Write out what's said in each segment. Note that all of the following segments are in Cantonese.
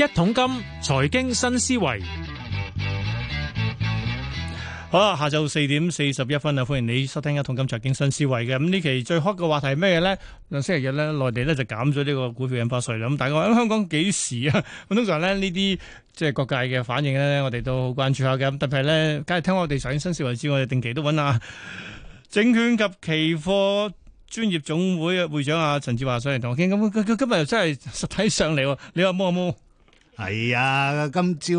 一桶金財經新思維，好啦，下晝四點四十一分啊，歡迎你收聽一桶金財經新思維嘅。咁呢期最 hot 嘅話題係咩咧？星期日咧內地咧就減咗呢個股票印花稅啦，咁大家話香港幾時啊？咁通常咧呢啲即係各界嘅反應咧，我哋都好關注下嘅，咁特別咧，梗係聽我哋財經新思維知，我哋定期都揾下證券及期貨專業總會嘅會長啊，陳志華上嚟同我傾，咁今日又真係實體上嚟，你話摸啊摸。係啊，今朝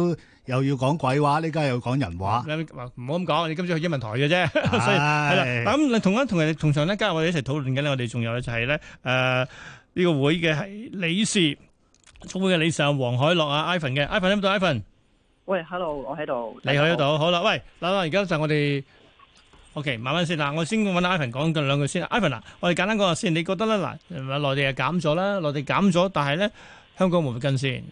又要講鬼話，呢家又要講人話。唔好咁講，你今朝去英文台嘅啫。係啦，咁同啊同人同場咧加入我哋一齊討論緊咧，我哋仲有咧就係咧誒呢個會嘅係理事，總會嘅理事啊，黃海樂啊，Ivan 嘅，Ivan 有冇到？Ivan，喂，hello，我喺度。你喺度？好啦，喂，嗱，而家就我哋 OK，慢慢先。嗱，我先揾 Ivan 講句兩句先。Ivan 嗱，我哋簡單講下先。你覺得咧嗱，內地係減咗啦，內地減咗，但係咧香港會唔會跟先？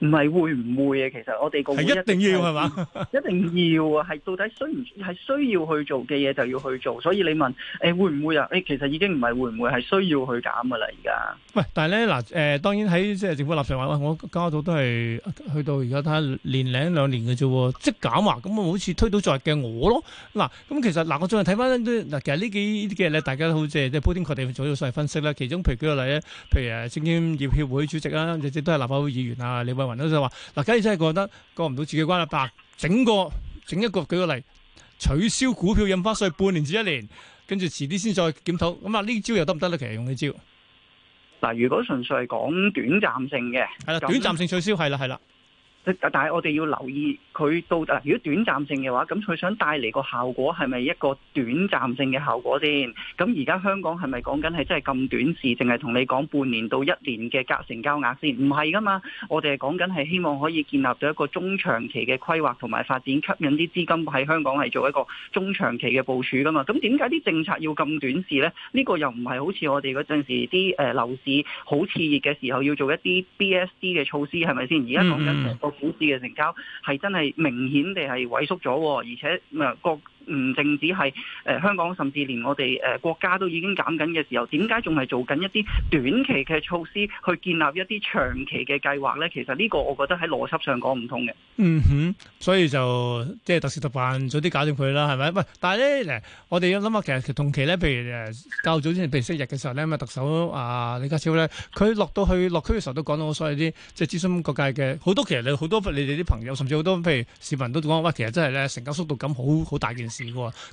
唔係會唔會嘅，其實我哋個係一定要係嘛？一定要啊！係到底需唔係需要去做嘅嘢就要去做，所以你問誒會唔會啊？誒其實已經唔係會唔會係需要去減嘅啦，而家。喂，但係咧嗱誒，當然喺即係政府立場話，我交到都係去到而家睇下年領兩年嘅啫喎，即減啊！咁啊好似推倒在日嘅我咯。嗱咁其實嗱，我再睇翻嗱，其實呢幾日咧，大家都好即係即係鋪天蓋地做咗細分析啦。其中譬如舉個例咧，譬如誒證券業協會主席啦，亦都係立法會議員啊，李偉。就話嗱，假如真係覺得過唔到自己關啦，白整個整一個舉個例，取消股票印花稅半年至一年，跟住遲啲先再檢討。咁啊呢招又得唔得咧？其實用呢招嗱，如果純粹係講短暫性嘅，係啦的，講短暫性取消係啦，係啦。但係我哋要留意佢到如果短暫性嘅話，咁佢想帶嚟個效果係咪一個短暫性嘅效果先？咁而家香港係咪講緊係真係咁短時，淨係同你講半年到一年嘅隔成交額先？唔係噶嘛，我哋係講緊係希望可以建立咗一個中長期嘅規劃同埋發展，吸引啲資金喺香港係做一個中長期嘅部署噶嘛？咁點解啲政策要咁短時呢？呢、呢個又唔係好似我哋嗰陣時啲誒、呃、樓市好熾熱嘅時候要做一啲 BSD 嘅措施係咪先？而家講緊股市嘅成交係真係明顯地係萎縮咗，而且啊個。 唔淨止係誒、呃、香港，甚至連我哋誒、呃、國家都已經減緊嘅時候，點解仲係做緊一啲短期嘅措施，去建立一啲長期嘅計劃咧？其實呢個我覺得喺邏輯上講唔通嘅。嗯哼，所以就即係特事特辦早，早啲搞掂佢啦，係咪？喂，但係咧，嗱，我哋要諗下，其實同期咧，譬如誒較早之前譬如星期日嘅時候咧，啊特首啊李家超咧，佢落到去落區嘅時候都講到所有啲即係諮詢各界嘅好多，就是、多其實你好多你哋啲朋友，甚至好多譬如市民都講，喂，其實真係咧成交速度咁好好大件事。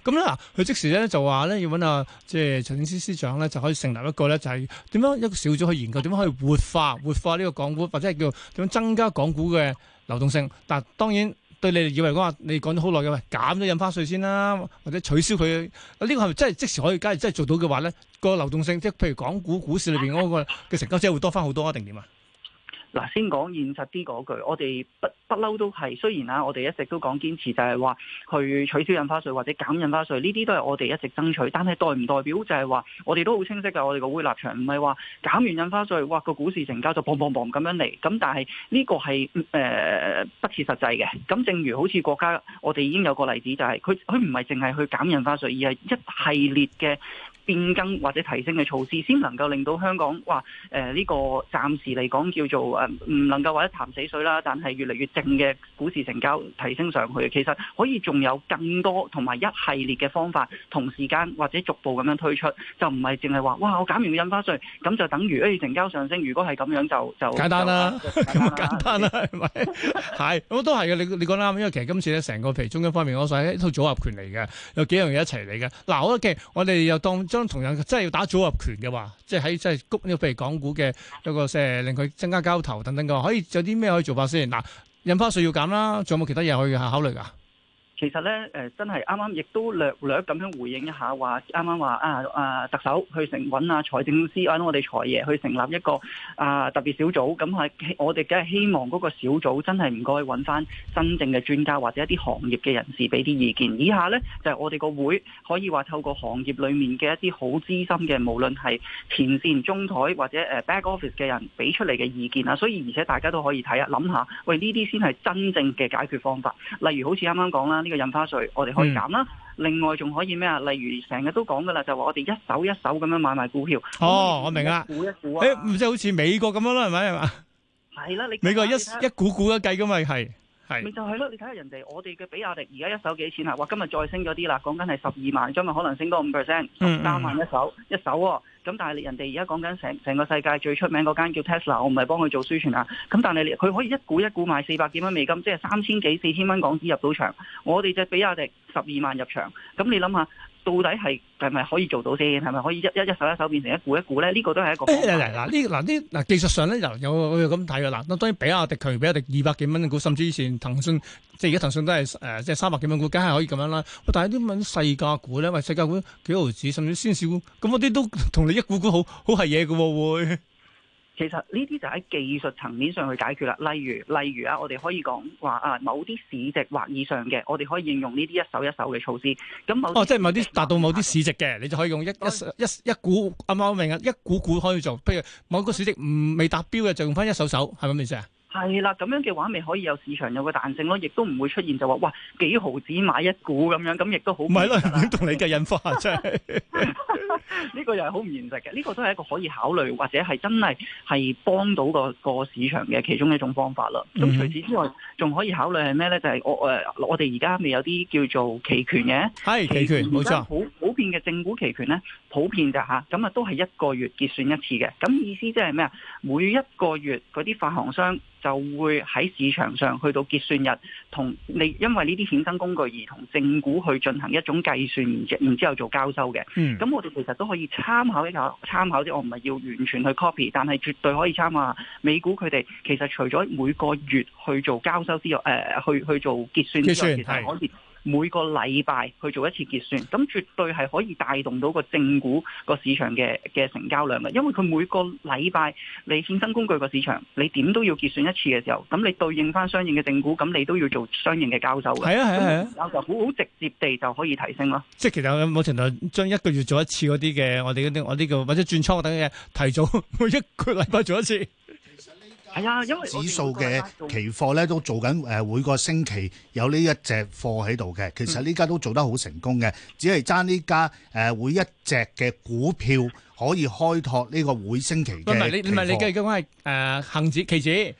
咁咧嗱，佢即時咧就話咧要揾啊，即係財政司司長咧就可以成立一個咧就係點樣一個小組去研究點樣可以活化活化呢個港股，或者係叫點樣增加港股嘅流動性。但當然對你哋以為講話，你講咗好耐嘅喂，減咗印花稅先啦，或者取消佢，呢個係咪真係即時可以，假如真係做到嘅話咧，個流動性即係譬如港股股市裏邊嗰個嘅成交額會多翻好多定點啊？嗱，先講現實啲嗰句，我哋不不嬲都係，雖然啊，我哋一直都講堅持就，就係話去取消印花稅或者減印花稅，呢啲都係我哋一直爭取。但係代唔代表就係話我哋都好清晰㗎，我哋個會立場唔係話減完印花稅，哇個股市成交就磅磅磅咁樣嚟。咁但係呢個係誒、呃、不切實際嘅。咁正如好似國家，我哋已經有個例子，就係，就係佢佢唔係淨係去減印花稅，而係一系列嘅。變更或者提升嘅措施，先能夠令到香港哇誒呢、呃這個暫時嚟講叫做誒唔、呃、能夠或者潭死水啦，但係越嚟越靜嘅股市成交提升上去，其實可以仲有更多同埋一系列嘅方法，同時間或者逐步咁樣推出，就唔係淨係話哇我減完印花稅，咁就等於誒成交上升。如果係咁樣就就簡單啦，咁簡單啦、啊，係咪係咁都係嘅？你你講得啱， 因為其實今次咧成個其中一方面，我想一套組合拳嚟嘅，有幾樣嘢一齊嚟嘅。嗱、啊，OK，我哋又當。將同樣即係要打組合拳嘅話，即係喺即係谷呢個譬如港股嘅一個即係，令佢增加交投等等嘅，可以有啲咩可以做法先？嗱，印花稅要減啦，仲有冇其他嘢可以考慮㗎？其實咧，誒、呃、真係啱啱亦都略略咁樣回應一下，話啱啱話啊啊特首去成揾啊財政司，啊、我哋財爺去成立一個啊特別小組，咁係我哋梗係希望嗰個小組真係唔該揾翻真正嘅專家或者一啲行業嘅人士俾啲意見。以下咧就係、是、我哋個會可以話透過行業裡面嘅一啲好資深嘅，無論係前線、中台或者誒 back office 嘅人俾出嚟嘅意見啦。所以而且大家都可以睇、啊、下，諗下喂呢啲先係真正嘅解決方法。例如好似啱啱講啦。呢個印花稅，我哋可以減啦。另外仲可以咩啊？例如成日都講嘅啦，就話我哋一手一手咁樣買賣股票。哦，我明啊，股一股啊，誒唔即係好似美國咁樣啦，係咪啊？係啦，你美國一一股股咁計㗎嘛，咪係，係，咪就係咯？你睇下人哋，我哋嘅比亞迪而家一手幾錢啊？哇！今日再升咗啲啦，講緊係十二萬，今日可能升多五 percent，十三萬一手一手。咁但係人哋而家講緊成成個世界最出名嗰間叫 Tesla，我唔係幫佢做宣傳啊。咁但係佢可以一股一股賣四百幾蚊美金，即係三千幾四千蚊港紙入到場。我哋隻比亞迪十二萬入場，咁你諗下，到底係係咪可以做到先？係咪可以一一手一手變成一股一股咧？呢、這個都係一個嚟嗱呢嗱呢嗱技術上咧又有咁睇㗎嗱，當然比亞迪佢，比亞迪二百幾蚊股，甚至以前騰訊。即係而家騰訊都係誒、呃，即係三百幾蚊股，梗係可以咁樣啦。哦、但係啲咁細價股咧，喂，細價股幾毫子，甚至仙士股，咁嗰啲都同你一股股好好係嘢嘅會。其實呢啲就喺技術層面上去解決啦。例如，例如啊，我哋可以講話啊，某啲市值或以上嘅，我哋可以應用呢啲一手一手嘅措施。咁某哦，即係某啲達到某啲市值嘅，你就可以用一一一以一股，啱唔啱明啊？一股股可以做。譬如某個市值唔未達標嘅，就用翻一手一手，係咪咁意思啊？係啦，咁樣嘅話，咪可以有市場有個彈性咯，亦都唔會出現就話哇幾毫子買一股咁樣，咁亦都好唔係咯，同你計印花真係呢個又係好唔現實嘅，呢、這個都係一個可以考慮，或者係真係係幫到個個市場嘅其中一種方法啦。咁、嗯、除此之外，仲可以考慮係咩呢？就係我誒，我哋而家未有啲叫做期權嘅，係是期權冇權錯，好普，普遍嘅正股期權呢，普遍㗎、就、吓、是，咁啊都係一個月結算一次嘅。咁意思即係咩啊？每一個月嗰啲發行商。就會喺市場上去到結算日，同你因為呢啲衍生工具而同正股去進行一種計算，然之後做交收嘅。咁、嗯、我哋其實都可以參考一下，參考啲我唔係要完全去 copy，但係絕對可以參考下。下美股佢哋其實除咗每個月去做交收之外，誒、呃、去去做結算之外。其實結算係。其實每個禮拜去做一次結算，咁絕對係可以帶動到個正股個市場嘅嘅成交量嘅，因為佢每個禮拜你衍生工具個市場，你點都要結算一次嘅時候，咁你對應翻相應嘅正股，咁你都要做相應嘅交收嘅。係啊係啊係啊，交收就好好直接地就可以提升咯。即係其實有冇程度將一個月做一次嗰啲嘅，我哋嗰啲我啲叫或者轉倉等嘅提早，每一個禮拜做一次。 係啊、哎，因為指數嘅期貨咧都做緊誒、呃，每個星期有呢一隻貨喺度嘅。其實呢家都做得好成功嘅，只係爭呢家誒，每一隻嘅股票可以開拓呢個每星期，期。唔係你唔係你嘅講係誒恒指期指貨，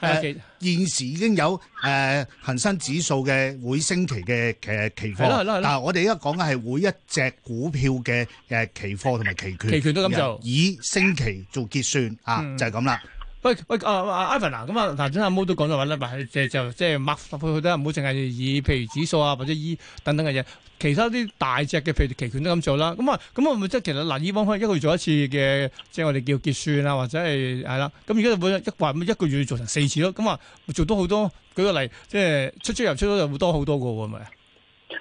係、呃、現時已經有誒、呃、恒生指數嘅每星期嘅嘅期貨。係啦係啦，但係我哋而家講緊係每一隻股票嘅誒期貨同埋期權。期權都咁就以星期做結算啊，嗯、就係咁啦。喂喂，阿阿 Ivan 啊，咁啊，嗱、啊，頭先阿 Mo 都講咗話喇，咪、就是，係即係就即係買落去，佢唔好淨係以譬如指數啊或者依等等嘅嘢，其他啲大隻嘅譬如期權都咁做啦。咁啊，咁啊，咪即係其實嗱，以往可能一個月做一次嘅，即係我哋叫結算啊，或者係係啦。咁而家每一話一個月要做成四次咯。咁啊，做多好多。舉個例，即係出出入出都有好多好多個喎，係咪？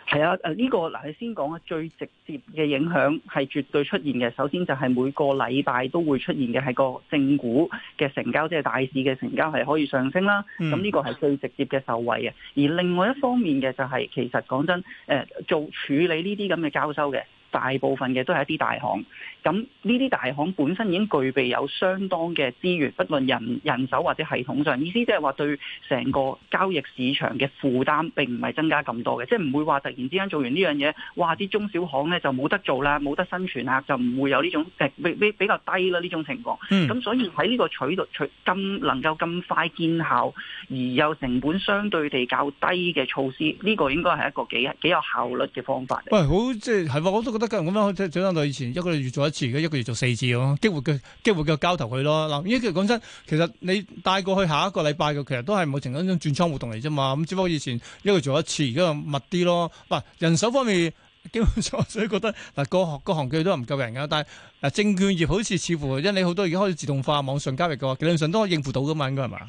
係啊，誒呢、嗯這個嗱，你先講啊，最直接嘅影響係絕對出現嘅。首先就係每個禮拜都會出現嘅係個正股嘅成交，即係大市嘅成交係可以上升啦。咁、這、呢個係最直接嘅受惠嘅。而另外一方面嘅就係、是，其實講真，誒做處理呢啲咁嘅交收嘅。大部分嘅都係一啲大行，咁呢啲大行本身已經具備有相當嘅資源，不論人人手或者系統上，意思即係話對成個交易市場嘅負擔並唔係增加咁多嘅，即係唔會話突然之間做完呢樣嘢，哇啲中小行咧就冇得做啦，冇得生存啊，就唔會有呢種誒比比比較低啦呢種情況，咁、嗯、所以喺呢個取到取咁能夠咁快見效而又成本相對地較低嘅措施，呢、這個應該係一個幾幾有效率嘅方法。喂，好即係，係喎，我都覺得。咁樣即係想象到以前一個月做一次，而家一個月做四次咯，激活嘅激活嘅交投去咯。嗱，依家講真，其實你帶過去下一個禮拜嘅，其實都係冇整咁樣轉倉活動嚟啫嘛。咁只不過以前一個月做一次，而家密啲咯。嗱，人手方面基本上我覺得嗱個個行嘅都唔夠人噶。但係啊，證券業好似似乎因為你好多而家開始自動化、網上交易嘅話，理論上都可以應付到噶嘛，應該係嘛？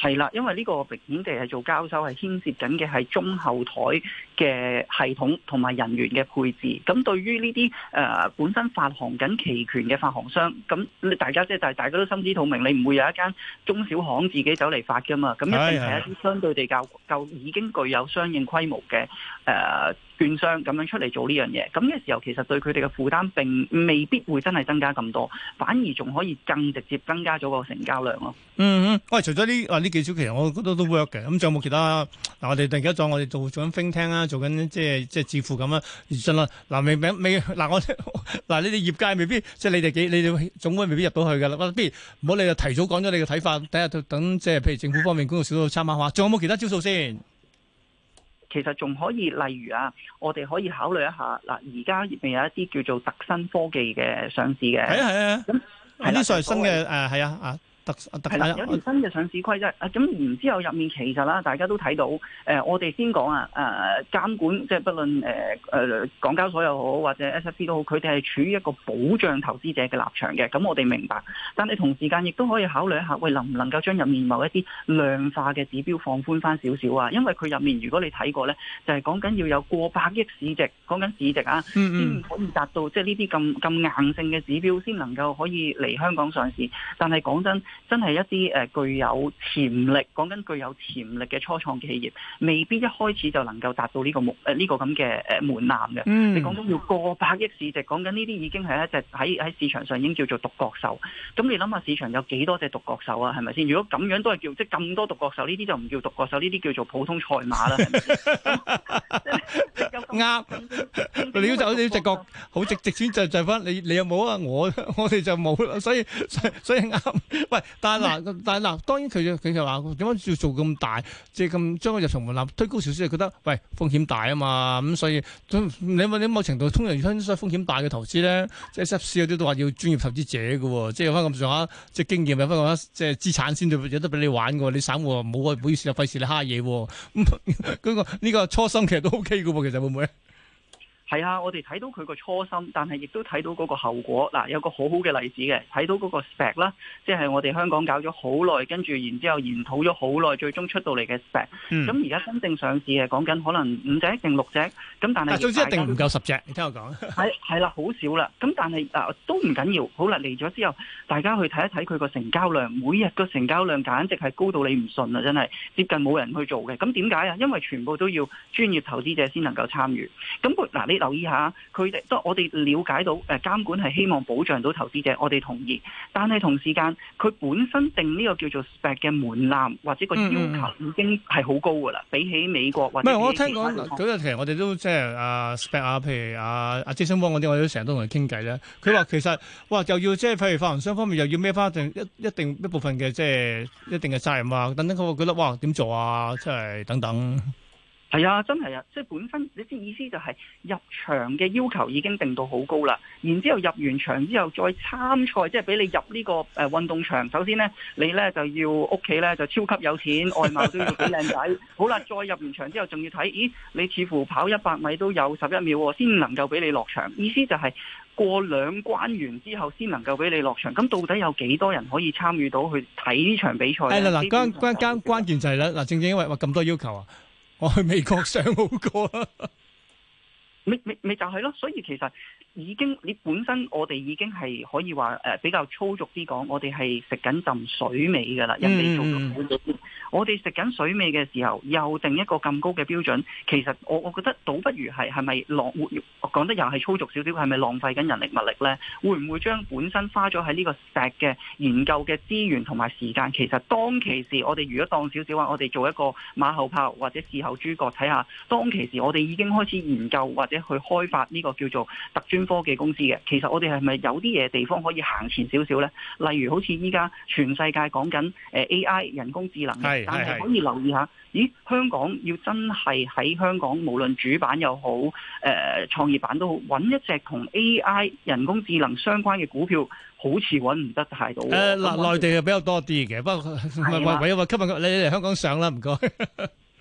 係啦，因為呢個明顯地係做交收，係牽涉緊嘅係中後台嘅系統同埋人員嘅配置。咁對於呢啲誒本身發行緊期權嘅發行商，咁大家即係，大大，大家都心知肚明，你唔會有一間中小行自己走嚟發㗎嘛。咁一定係一啲相對地較夠已經具有相應規模嘅誒。呃券商咁樣出嚟做呢樣嘢，咁嘅時候其實對佢哋嘅負擔並未必會真係增加咁多，反而仲可以更直接增加咗個成交量咯。嗯嗯，喂，除咗呢啊呢幾招，其實我覺得都 work 嘅。咁仲有冇其他？嗱，我哋突然一再，我哋做做緊 f i n a n c 做緊即係即係支付咁啦，而真啦。嗱，未未嗱我嗱你哋業界未必，即係你哋幾你哋總會未必入到去噶啦。不如唔好你就提早講咗你嘅睇法，等下等即係譬如政府方面官僚小組參碼話，仲有冇其他招數先？其實仲可以，例如啊，我哋可以考慮一下嗱，而家亦咪有一啲叫做特新科技嘅上市嘅，係啊係啊，咁係啲新嘅誒係啊啊。技係有條新嘅上市規則，咁然之後入面其實啦，大家都睇到，誒、呃，我哋先講啊，誒、呃，監管即係不論誒誒、呃呃、港交所又好或者 SFC 都好，佢哋係處於一個保障投資者嘅立場嘅，咁我哋明白。但係同時間亦都可以考慮一下，喂，能唔能夠將入面某一啲量化嘅指標放寬翻少少啊？因為佢入面如果你睇過呢，就係講緊要有過百億市值，講緊市值啊，先可以達到即係呢啲咁咁硬性嘅指標，先能夠可以嚟香港上市。但係講真。真係一啲誒具有潛力，講緊具有潛力嘅初創企業，未必一開始就能夠達到呢個目誒呢個咁嘅誒門檻嘅。你講到要過百億市值，講緊呢啲已經係一隻喺喺市場上已經叫做獨角獸。咁你諗下市場有幾多隻獨角獸啊？係咪先？如果咁樣都係叫，即係咁多獨角獸，呢啲就唔叫獨角獸，呢啲叫做普通賽馬啦。啱，你就好似直覺，好直直先就就翻。你你有冇啊？我我哋就冇啦。所以所以啱，但嗱，麼但嗱，當然佢佢就話點解要做咁大，即係咁將佢入場門檻推高少少，就覺得喂風險大啊嘛，咁所以你冇你某程度，通常分析風險大嘅投資咧，即係濕屎嗰啲都話要專業投資者嘅喎，即係有翻咁上下即係經驗，有翻咁下即係資產先至有得俾你玩嘅喎，你散戶冇啊，唔好意思，費事你蝦嘢咁，嗰、嗯、呢 個初心其實都 OK 嘅喎，其實會唔會？係啊，我哋睇到佢個初心，但係亦都睇到嗰個後果。嗱、啊，有個好好嘅例子嘅，睇到嗰個 SPAC 啦，即係我哋香港搞咗好耐，跟住然之後研討咗好耐，最終出到嚟嘅 SPAC。咁而家真正上市嘅，講緊可能五隻定六隻，咁但係總之一定唔夠十隻。你聽我講。係係啦，好少啦。咁但係嗱、啊，都唔緊要。好啦，嚟咗之後，大家去睇一睇佢個成交量，每日個成交量簡直係高到你唔信啊！真係接近冇人去做嘅。咁點解啊？因為全部都要專業投資者先能夠參與。咁嗱呢？啊留意下，佢哋都我哋了解到，誒監管係希望保障到投資者，我哋同意。但係同時間，佢本身定呢個叫做 SPAC 嘅門檻或者個要求已經係好高㗎啦，比起美國或者唔係、嗯，我聽講嗰日其實我哋都即係啊 SPAC 啊，譬如啊啊資深汪嗰啲，我哋都成日都同佢傾偈咧。佢話其實哇，又要即係譬如發行商方面又要孭翻一一定一部分嘅即係一定嘅責任等等啊，等等。佢話覺得哇，點做啊？即係等等。係啊，真係啊，即係本身你知意思就係入場嘅要求已經定到好高啦。然之後入完場之後再參賽，即係俾你入呢個誒運動場。首先呢，你呢就要屋企呢就超級有錢，外貌都要幾靚仔。好啦，再入完場之後，仲要睇咦？你似乎跑一百米都有十一秒喎，先能夠俾你落場。意思就係過兩關完之後先能夠俾你落場。咁到底有幾多人可以參與到去睇呢場比賽咧？係啦，嗱嗱，關關關關鍵就係啦嗱，正正因為話咁多要求啊。我去 美國上好過。啊！咪咪咪就係咯，所以其實已經你本身我哋已經係可以話誒、呃、比較粗俗啲講，我哋係食緊浸水尾噶啦，人力做咗少少 我哋食緊水尾嘅時候，又定一個咁高嘅標準，其實我我覺得倒不如係係咪浪活？講得又係粗俗少少，係咪浪費緊人力物力咧？會唔會將本身花咗喺呢個石嘅研究嘅資源同埋時間。其實當其時我哋如果當少少話，我哋做一個馬後炮或者事後諸葛睇下，當其時我哋已經開始研究或或者去開發呢個叫做特專科技公司嘅，其實我哋係咪有啲嘢地方可以行前少少呢？例如好似依家全世界講緊誒 AI 人工智能，但係可以留意下，咦？香港要真係喺香港，無論主板又好，誒、呃、創業板都好，揾一隻同 AI 人工智能相關嘅股票，好似揾唔得太到，到。誒、呃，內、呃、地係比較多啲嘅，不過喂、喂、喂，今日你你嚟香港上啦，唔該。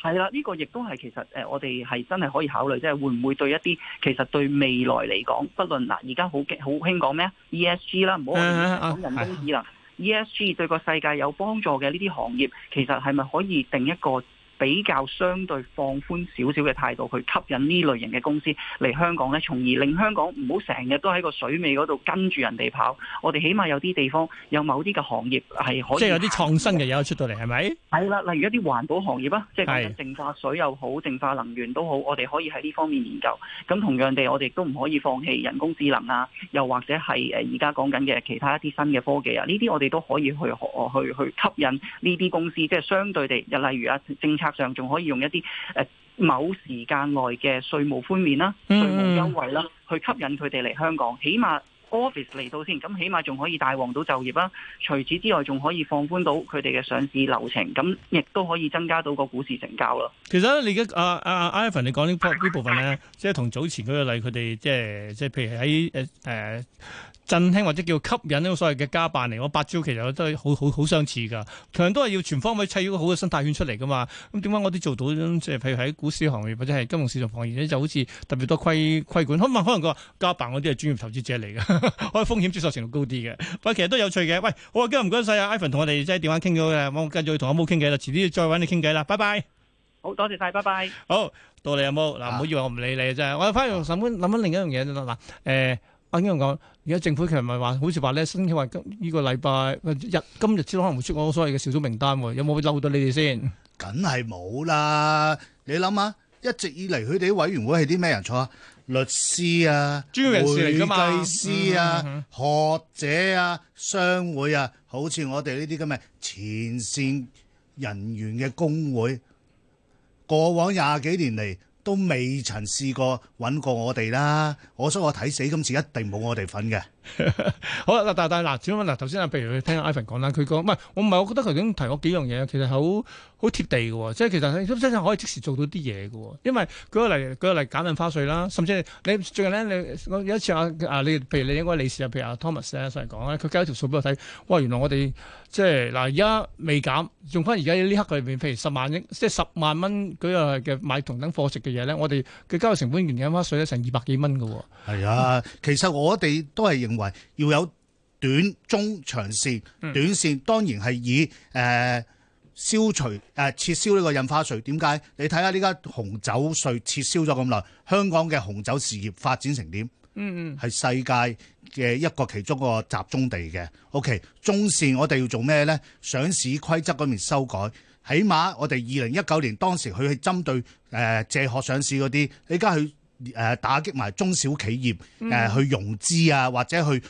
係啦，呢、這個亦都係其實誒、呃，我哋係真係可以考慮，即係會唔會對一啲其實對未來嚟講，不論嗱，而家好嘅好興講咩 ESG 啦，唔好我哋講人工智能啦、uh, uh, uh, uh,，ESG 對個世界有幫助嘅呢啲行業，其實係咪可以定一個？比較相對放寬少少嘅態度去吸引呢類型嘅公司嚟香港咧，從而令香港唔好成日都喺個水尾嗰度跟住人哋跑。我哋起碼有啲地方有某啲嘅行業係可以，即係有啲創新嘅嘢出到嚟，係咪？係啦，例如一啲環保行業啊，即係淨化水又好、淨化能源都好，我哋可以喺呢方面研究。咁同樣地，我哋都唔可以放棄人工智能啊，又或者係誒而家講緊嘅其他一啲新嘅科技啊，呢啲我哋都可以去學去去、去吸引呢啲公司，即係相對地，又例如啊政策。上仲、嗯嗯、可以用一啲誒某時間內嘅稅務寬免啦、稅務優惠啦，去吸引佢哋嚟香港，起碼。office 嚟到先，咁起碼仲可以帶旺到就業啦。除此之外，仲可以放寬到佢哋嘅上市流程，咁亦都可以增加到個股市成交咯。其實你而家、啊啊、阿阿 Ivan 你講呢呢部分咧，即係同早前嗰個例，佢哋即係即係譬如喺誒誒振興或者叫吸引呢個所謂嘅家辦嚟我八招其實我都好好好相似噶，同樣都係要全方位砌咗個好嘅生態圈出嚟噶嘛。咁點解我啲做到即係、就是、譬如喺股市行業或者係金融市場行業咧，就好似特別多規規管？可唔可能個家辦嗰啲係專業投資者嚟嘅？ 可以風險接受程度高啲嘅，喂，其實都有趣嘅。喂，好啊，今日唔該晒啊，Ivan 同我哋即係電話傾咗嘅，我繼續同阿毛傾偈啦，遲啲再搵你傾偈啦，拜拜。好多謝晒，拜拜。好，到你有冇嗱？唔好以為我唔理你啊，真係。我翻用諗翻諗翻另一樣嘢先啦嗱。誒，阿英又講，而家政府其實唔係話好似話咧，申請話今呢個禮拜日今日先可能出我所謂嘅小組名單喎，有冇會嬲到你哋先？梗係冇啦，你諗下，一直以嚟佢哋啲委員會係啲咩人坐？律師啊，專業人士，會計師啊，嗯嗯、學者啊，商會啊，好似我哋呢啲咁嘅前線人員嘅工會，過往廿幾年嚟，都未曾試過揾過我哋啦，我想我睇死今次一定冇我哋份嘅。 好啦，但係但係嗱，只乜嗱？頭先啊，譬如你聽 Ivan 講啦，佢講唔係，我唔係，我覺得佢已經提過幾樣嘢，其實好好貼地嘅，即係其實真真係可以即時做到啲嘢嘅。因為舉個例，舉個例減印花稅啦，甚至你最近呢，你有一次啊啊，你譬如你應該李氏啊，譬如阿 Thomas 咧，上嚟講咧，佢計咗條數俾我睇，哇！原來我哋即係嗱，而家未減，用翻而家呢刻嘅入面，譬如十萬億，即係十萬蚊，嗰個嘅買同等貨值嘅嘢咧，我哋嘅交易成本原印花稅咧，成二百幾蚊嘅。係啊，嗯、其實我哋都係。認為要有短、中、長線。短線當然係以誒、呃、消除誒、呃、撤銷呢個印花稅。點解你睇下呢家紅酒稅撤銷咗咁耐，香港嘅紅酒事業發展成點？嗯嗯，係世界嘅一個其中一個集中地嘅。OK，中線我哋要做咩呢？上市規則嗰邊修改，起碼我哋二零一九年當時佢係針對誒、呃、借殼上市嗰啲，依家去。誒打擊埋中小企業誒去融資啊，或者去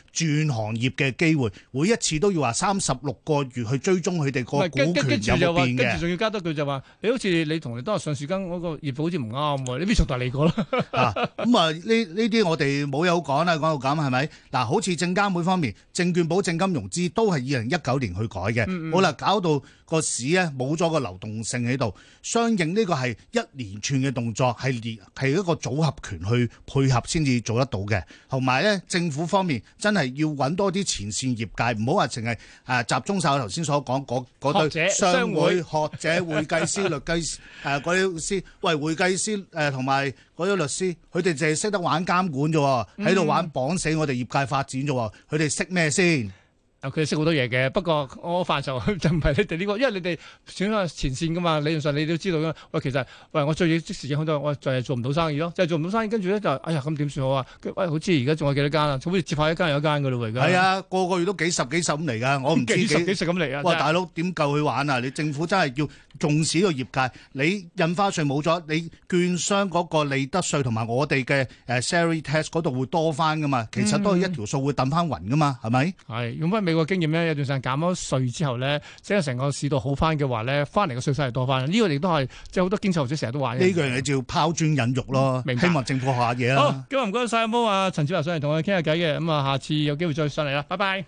轉行業嘅機會，每一次都要話三十六個月去追蹤佢哋個股權入邊嘅。跟住仲要加多句就話，你好似你同你當日上樹根嗰個業務好似唔啱喎，你邊度突然嚟個啦？嚇咁啊！呢呢啲我哋冇嘢好講啦，講到咁係咪？嗱，好似證監會方面，證券保證金融資都係二零一九年去改嘅。嗯嗯。好啦，搞到個市咧冇咗個流動性喺度，相應呢個係一連串嘅動作，係連係一個組合，權去配合先至做得到嘅，同埋咧政府方面真係要揾多啲前線業界，唔好話淨係誒集中晒我頭先所講嗰嗰堆商會、學者、會計師、律師誒嗰啲師，喂會計師誒同埋嗰啲律師，佢哋淨係識得玩監管啫，喺度、嗯、玩綁死我哋業界發展啫，佢哋識咩先？佢哋識好多嘢嘅，不過我範疇就唔係你哋呢個，因為你哋選擇前線噶嘛。理論上你都知道啦。喂，其實喂，我最要即時嘅好多，我就係做唔到生意咯，即係做唔到生意。跟住咧就,是就，哎呀咁點算好啊？喂、哎，好似而家仲有幾多間,間,間啊？好似接下一間又一間噶啦喎，而家。係啊，個個月都幾十幾十咁嚟噶，我唔止幾十幾十咁嚟啊！喂大佬點夠佢玩啊？你政府真係要。縱使個業界你印花稅冇咗，你券商嗰個利得稅同埋我哋嘅誒 salary tax 嗰度會多翻噶嘛？其實都係一條數會掟翻勻噶嘛？係咪、嗯？係用翻美國經驗咧，有段時間減咗稅之後咧，即係成個市道好翻嘅話咧，翻嚟個稅收係多翻。呢、呢個亦都係即係好多經濟學者成日都話呢個你叫拋磚引玉咯，嗯、明希望政府下嘢啦。好，咁唔該晒阿好啊，陳志華上嚟同我傾下偈嘅，咁啊，下次有機會再上嚟啦，拜拜。